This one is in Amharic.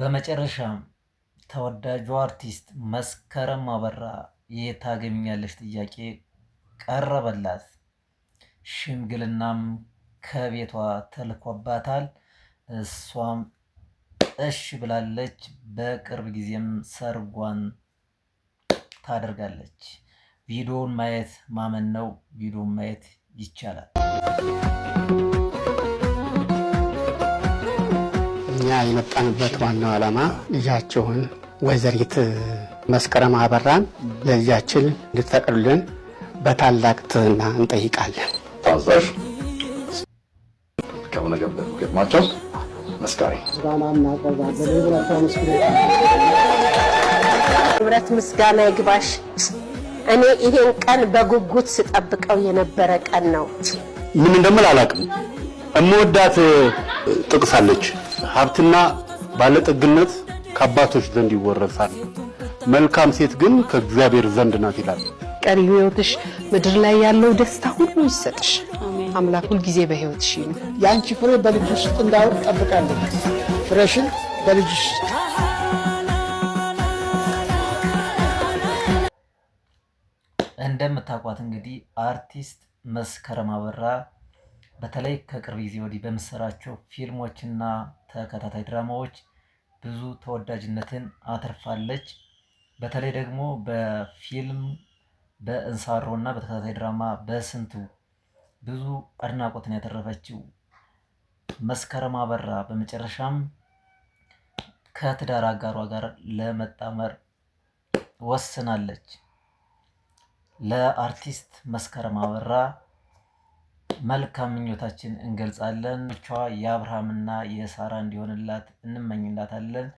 በመጨረሻም ተወዳጇ አርቲስት መስከረም አበራ የት ታገቢኛለሽ ጥያቄ ቀረበላት። ሽምግልናም ከቤቷ ተልኮባታል። እሷም እሽ ብላለች። በቅርብ ጊዜም ሰርጓን ታደርጋለች። ቪዲዮውን ማየት ማመን ነው። ቪዲዮውን ማየት ይቻላል። የመጣንበት ዋናው ዓላማ ልጃቸውን ወይዘሪት መስከረም አበራን ለልጃችን እንድትፈቅዱልን በታላቅ ትህትና እንጠይቃለን። ታዛዥ ከሆነ ገጥማቸው መስካሪ ህብረት ምስጋና ይግባሽ። እኔ ይሄን ቀን በጉጉት ስጠብቀው የነበረ ቀን ነው። ምን እንደምል አላውቅም። እምወዳት ጥቅሳለች ሀብትና ባለጠግነት ከአባቶች ዘንድ ይወረሳል፣ መልካም ሴት ግን ከእግዚአብሔር ዘንድ ናት ይላል። ቀሪ ህይወትሽ ምድር ላይ ያለው ደስታ ሁሉ ይሰጥሽ። አምላክ ሁልጊዜ በሕይወትሽ ነው። የአንቺ ፍሬ በልጅ ውስጥ እንዳይወድቅ ጠብቃለሁ። ፍሬሽን በልጅ ውስጥ እንደምታውቋት እንግዲህ አርቲስት መስከረም አበራ በተለይ ከቅርብ ጊዜ ወዲህ በምሰራቸው ፊልሞችና ተከታታይ ድራማዎች ብዙ ተወዳጅነትን አትርፋለች። በተለይ ደግሞ በፊልም በእንሳሮ እና በተከታታይ ድራማ በስንቱ ብዙ አድናቆትን ያተረፈችው መስከረም አበራ በመጨረሻም ከትዳር አጋሯ ጋር ለመጣመር ወስናለች። ለአርቲስት መስከረም አበራ መልካም ምኞታችን እንገልጻለን። ብቻዋ የአብርሃምና የሳራ እንዲሆንላት እንመኝላታለን